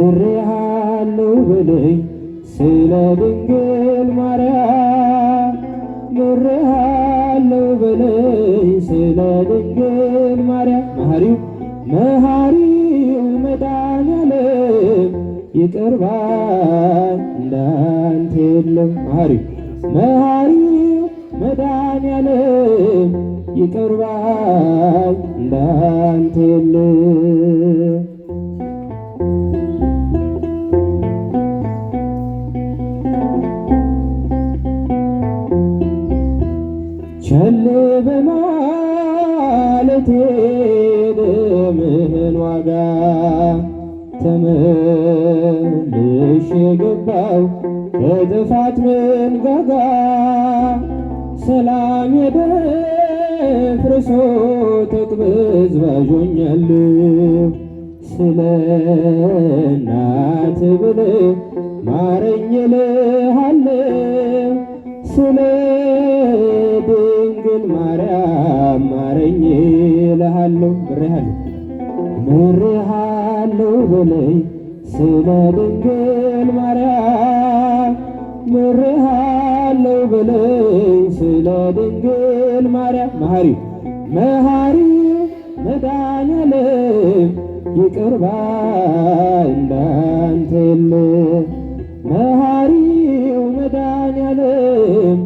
ምሬሃለሁ በለኝ ስለ ድንግል ማርያም ምሬሃለሁ በለኝ ስለ ድንግል ማርያም መሐሪው መሐሪው መድኃኒዓለም ይቅር ባይ እንዳንተ የለም መሐሪው መሐሪው መድኃኒዓለም ይቅር ባይ እንዳንተ የለም ቸል በማለቴ የደምህን ዋጋ ተመልሽ የገባው ከጥፋት መንጋጋ ሰላም የደፍርሶ ተቅበዝባዦኛለሁ ስለ እናት ብል ማረኝ ልሃለሁ ስለ ግን ማርያም ማረኝ እልሃለሁ ምሬሃለሁ ምሬሃለሁ በለይ ስለ ድንግል ማርያም ምሬሃለሁ በለይ ስለ ድንግል ማርያም መሐሪ መሐሪ መዳኛ ለም ይቅር ባይ እንዳንተ የለ መሐሪው መዳኛ ለም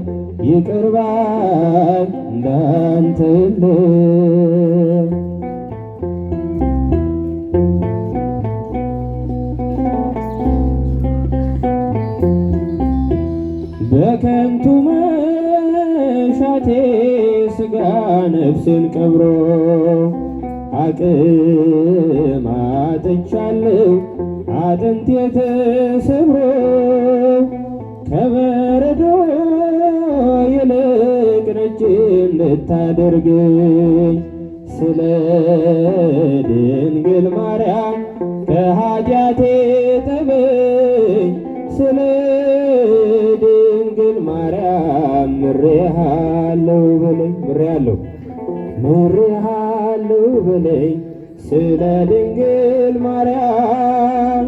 አንተለ በከንቱ መሻቴ ስጋ ነፍስን ቀብሮ አቅም አጥቻለሁ ተሰብሮ የተሰብሮ ልታደርግኝ ስለ ድንግል ማርያም ከኃጢአቴ ጠበኝ ስለ ድንግል ማርያም ምሬሃለው በለኝ ምሬሃለው ምሬሃለው በለኝ ስለ ድንግል ማርያም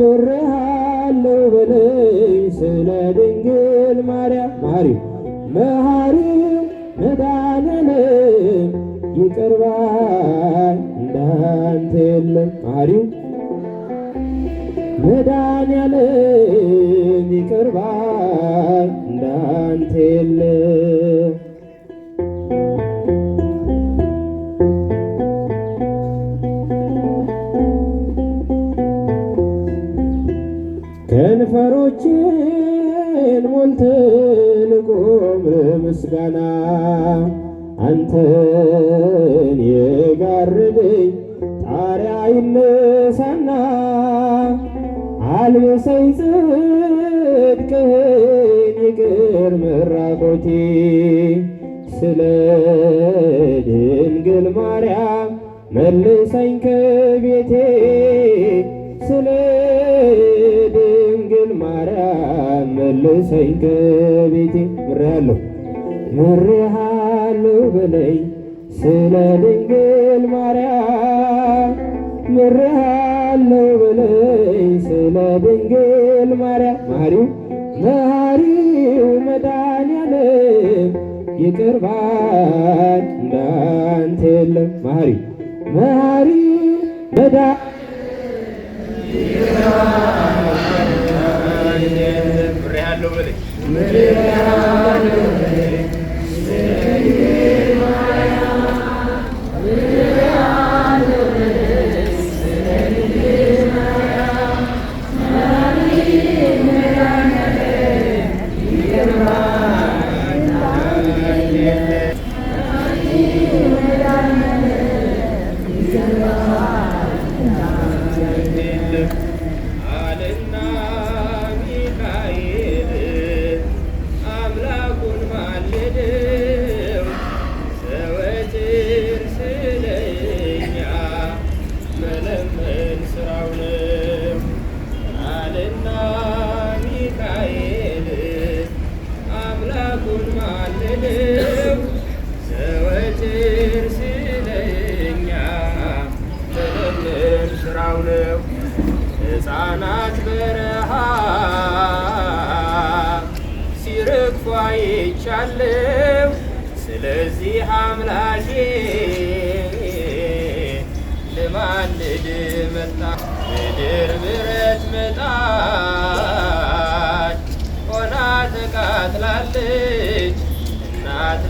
ምሬሃለው በለኝ ስለ ድንግል ማርያም ማሪ መሃሪ መዳንንም ይቅርባይ እንዳንተ የለም ማሪው መዳንያለም ይቅርባይ እንዳንተ የለም ከንፈሮችን ሞልተን ቆምረ ምስጋና አንተን የጋርደኝ ጣሪያ ይነሳና አልብሰኝ ጽድቅህን ይቅር መራቆቴ ስለ ድንግል ማርያም መልሰኝ ከቤቴ ስለ ድንግል ማርያም መልሰኝ ከቤቴ ምሬሃለሁ ምሬሃ አለው በለይ ስለ ድንግል ማርያም ምርህ አለው በለይ ስለ ድንግል ማርያም ማሪው መሃሪው መድኃኒዓለም ይቅር ባይ እንዳንተ የለም ማሪ መሃሪ መዳ ምሬ ያለው በለይ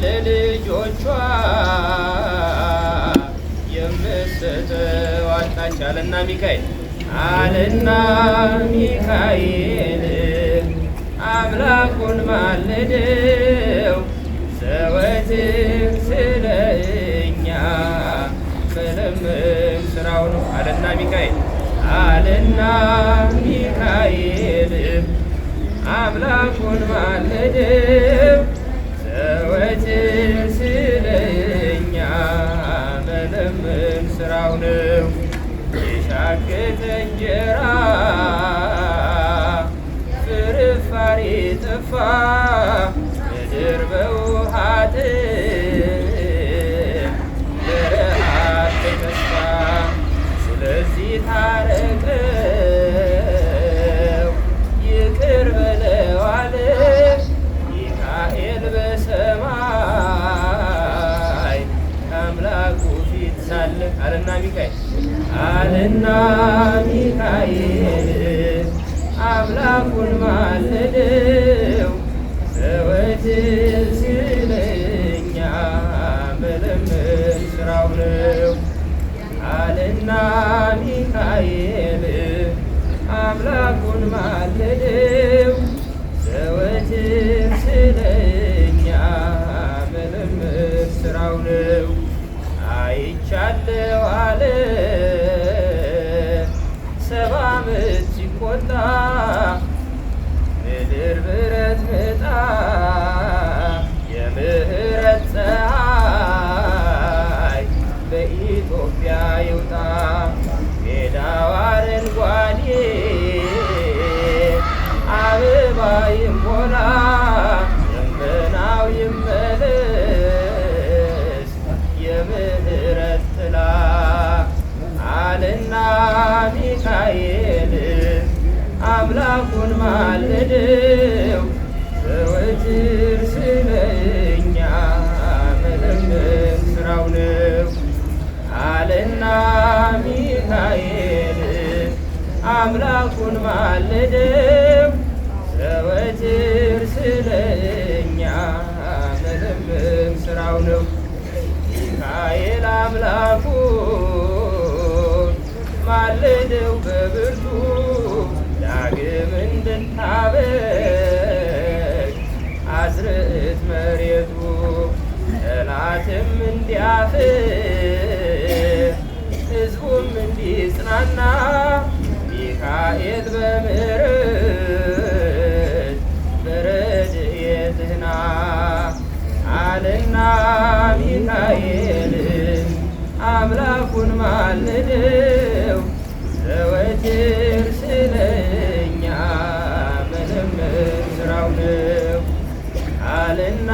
ለልጆቿ የምትሰጠው አጣች አለና ሚካኤል አለና ሚካኤል አምላኩን ማለደው ዘወትር ስለ እኛ መለመን ስራው ነው አለና ሚካኤል አለና ሚካኤል አምላኩን ማለደው መቼም ስለኛ መለመን ስራው ነው የሻገተ እንጀራ ፍርፋሪ ጠፋ ምድር በውሃት በረሃብ ተተስፋ ስለዚህ ታረ አልና ሚካኤል አምላኩን ማለደው ዘወትር ስለኛ መለመን ስራው ነው። አልና ሚካኤል አምላኩን ማለደው ዘወትር ስለኛ መለመን ስራው ነው። አይቻለው አለ ሰባ ዓመት ሲቆጣ ምድር ብረት ምጣ የምህረት ፀሐይ በኢትዮጵያ ይውጣ። ሜዳው አረንጓዴ አበባ ይሞላ ሚካኤል አምላኩን ማልደም ዘወትር ስለኛ ምልምም ስራው ነው። ሚካኤል አምላኩን ማልደው በብርቱ ዳግም እንድታበቅ አዝርዕት መሬቱ ጠላትም እንዲያፍር ተጽናና ሚካኤል በምሕረት በረድኤትህና አለና ሚካኤል አምላኩን ማልደው ዘወትር ስለኛ መለመን ስራው ነው አልና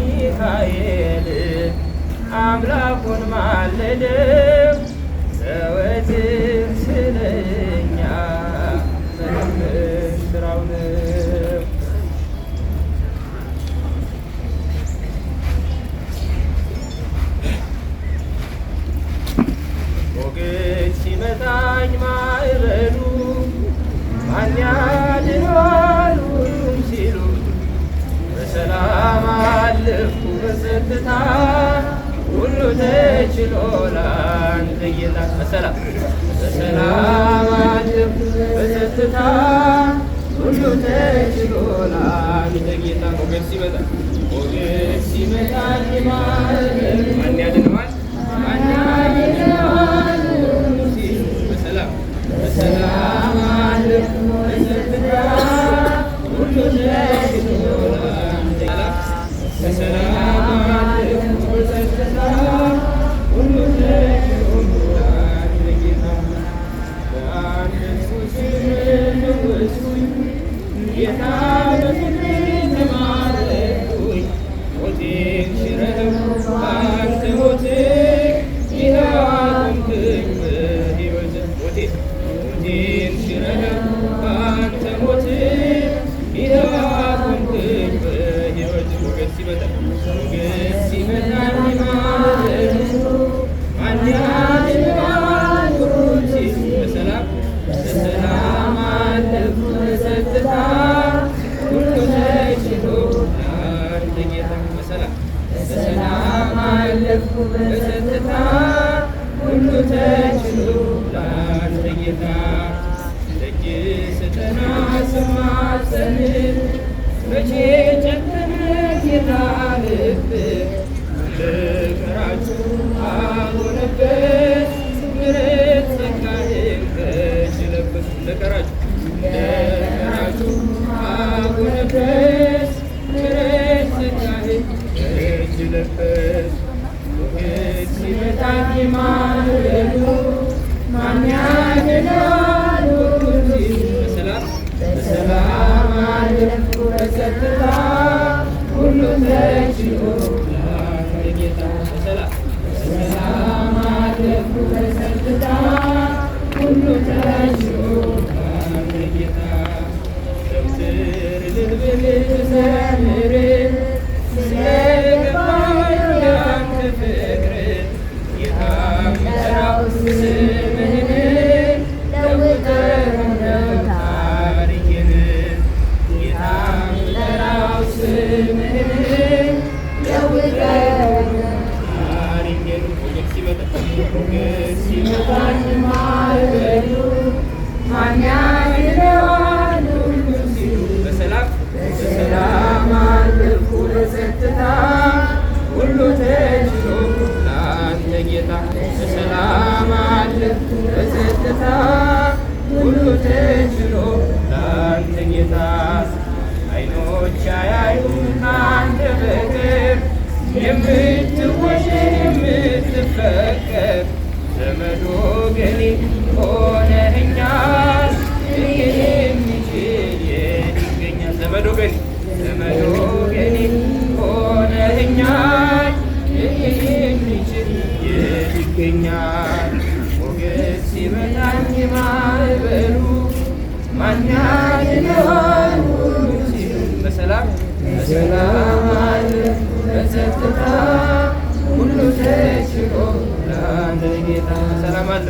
ሚካኤል አምላኩን ማልደው ግን ስለኛ ሲመታኝ ማይረዱ ማን ሲሉ በሰላም አለፍኩ በጸጥታ ሁሉ ተችሎላን ብይላት በሰላም በሰላም አድር በጸጥታ ሁሉ ተችሎላን ብይላት ሞገድ ሲመጣ ሞገድ ሲመጣ ይማረን До карачки. house. Es el alma በሰላም አለ በጸጥታ ሁሉ ተችሎ ለአንተ ጌታ ሰላም አለ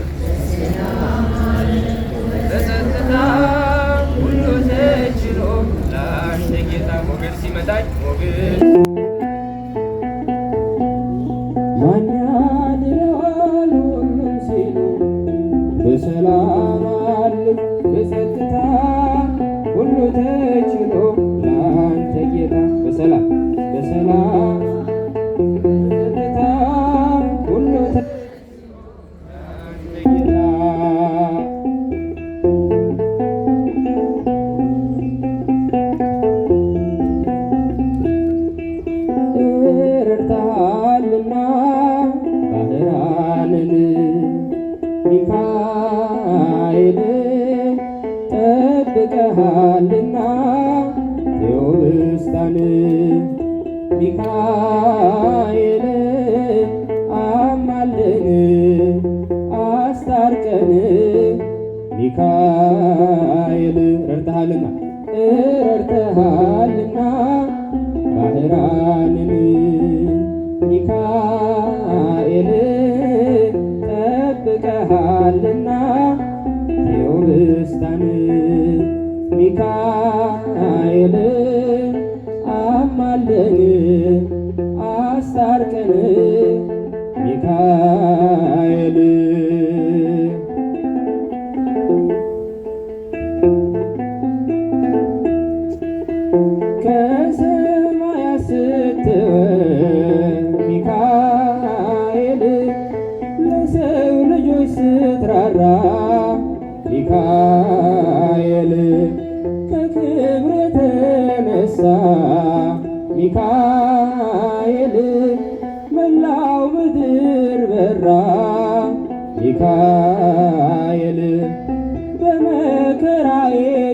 አምላካችን ሚካኤል ጠብቀሃልና የውስታን ሚካኤል አማልን አስታርቀን ሚካኤል ረድተሃልና አስታርቀን ሚካ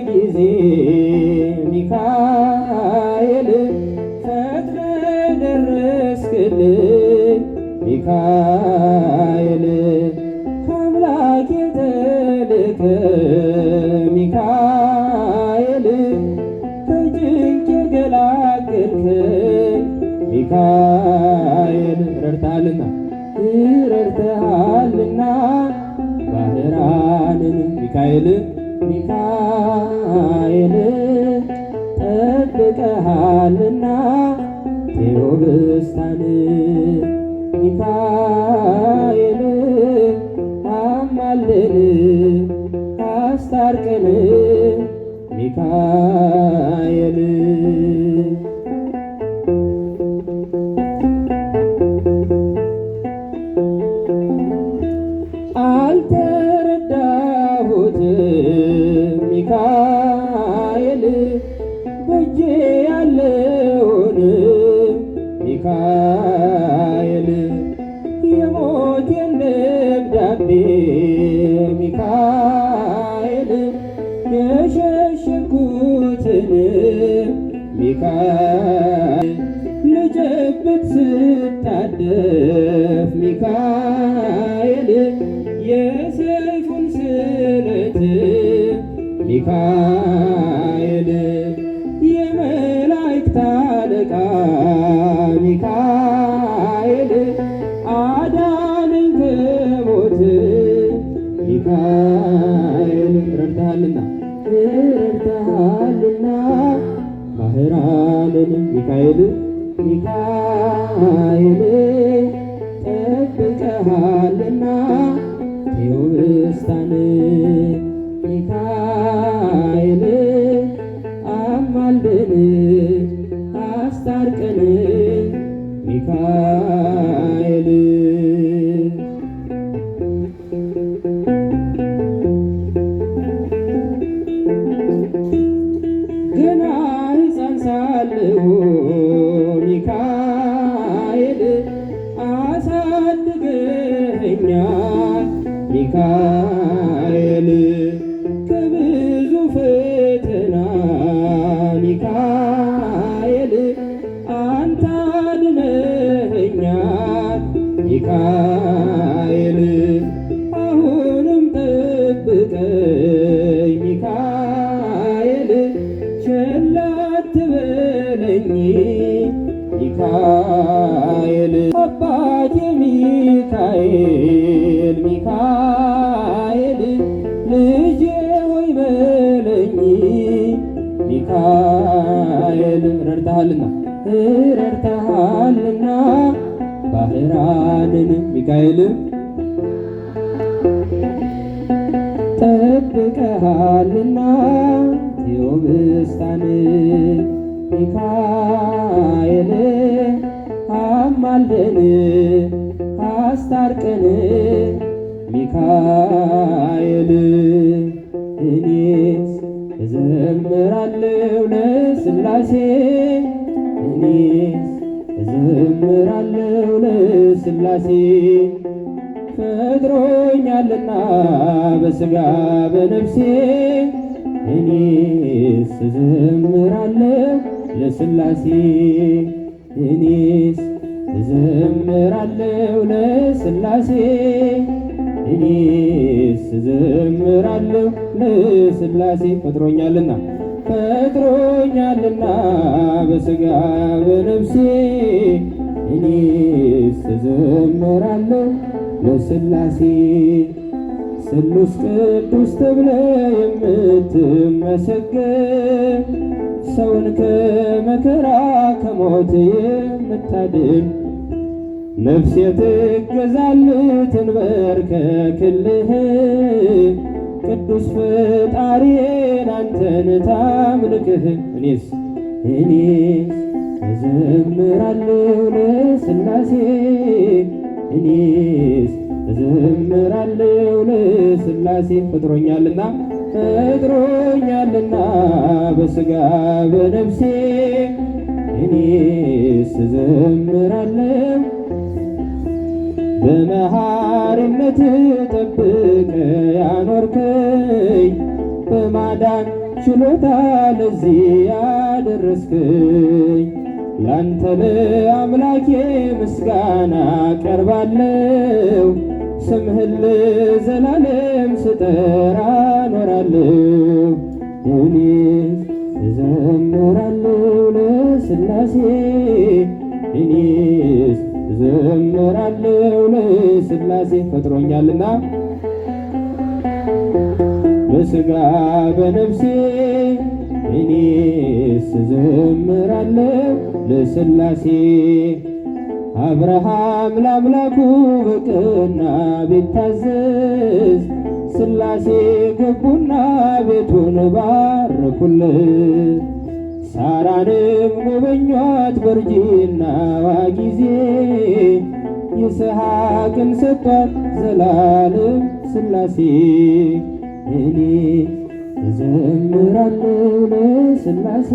quiser ባለበት ስታደፍ ሚካኤል የሰይፉን ስለት ሚካኤል የመላእክት አለቃ ሚካኤል አዳነኝ ከሞት ሚካኤል ረድተሃልና ረድተሃልና ባህራንን ሚካኤል ሚካኤል ጠብቀሃልና ቴዎብስታን አስታርቀኝ ሚካኤል ችላ አትበለኝ ሚካኤል አባቴ ሚካኤል ሚካኤል ልጄ ሆይ በለኝ ሚካኤል ረድተሃልና ረድተሃልና ባህራንን ሚካኤል ደብቀሃልና ቴዎብስታን ሚካኤል አማልደን አስታርቀን ሚካኤል እኔስ እዘምራለሁ ለስላሴ እኔስ እዘምራለሁ ለስላሴ ፈጥሮኛልና በስጋ በነፍሴ እኔስ እዘምራለሁ ለስላሴ እኔስ እዘምራለሁ ለሥላሴ እኔስ እዘምራለሁ ለሥላሴ ፈጥሮኛልና ፈጥሮኛልና በስጋ በነፍሴ እኔስ እዘምራለሁ ለሥላሴ ስሉስ ቅዱስ ተብለ የምትመሰገን ሰውን ከመከራ ከሞት የምታድን ነፍስ የትገዛል ትንበርከክልህ ቅዱስ ፈጣሪን አንተን ታምልክህ እኔስ እኔስ እዘምራለሁ ለሥላሴ እኔስ እዘምራለሁ ለሥላሴ ፈጥሮኛልና ፈጥሮኛልና በሥጋ በነፍሴ እኔስ እዘምራለሁ በመሐሪነት ጠብቀ ያኖርከኝ በማዳን ችሎታ ለዚህ ያደረስከኝ ላንተ ለአምላኬ ምስጋና ቀርባለው ስምህል ዘላለም ስጠራ ኖራለው እኔ እዘምራለው ለስላሴ እኔ እዘምራለው ለስላሴ ፈጥሮኛልና በስጋ በነፍሴ እኔስ እዘምራለሁ ለሥላሴ አብርሃም ለአምላኩ በቅና ቢታዘዝ ስላሴ ገቡና ቤቱን ባረኩለት። ሳራንም ጎበኟት በእርጅናዋ ጊዜ ይስሐቅን ሰጧት ዘላለም ስላሴ እኔ እዘምራለሁ ለሥላሴ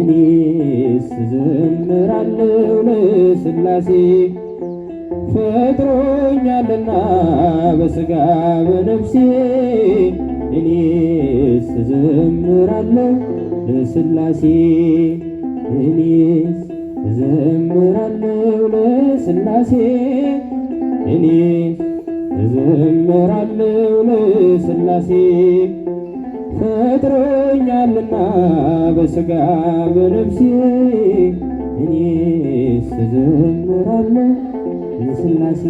እኔስ እዘምራለሁ ለሥላሴ ፈጥሮኛልና በስጋ በነፍሴ እኔስ እዘምራለሁ ለሥላሴ እኔስ እዘምራለሁ ለሥላሴ እኔስ እዘምራለሁ ለሥላሴ ፈጥሮኛልና በሥጋ በነፍሴ እኔስ እዘምራለሁ ለሥላሴ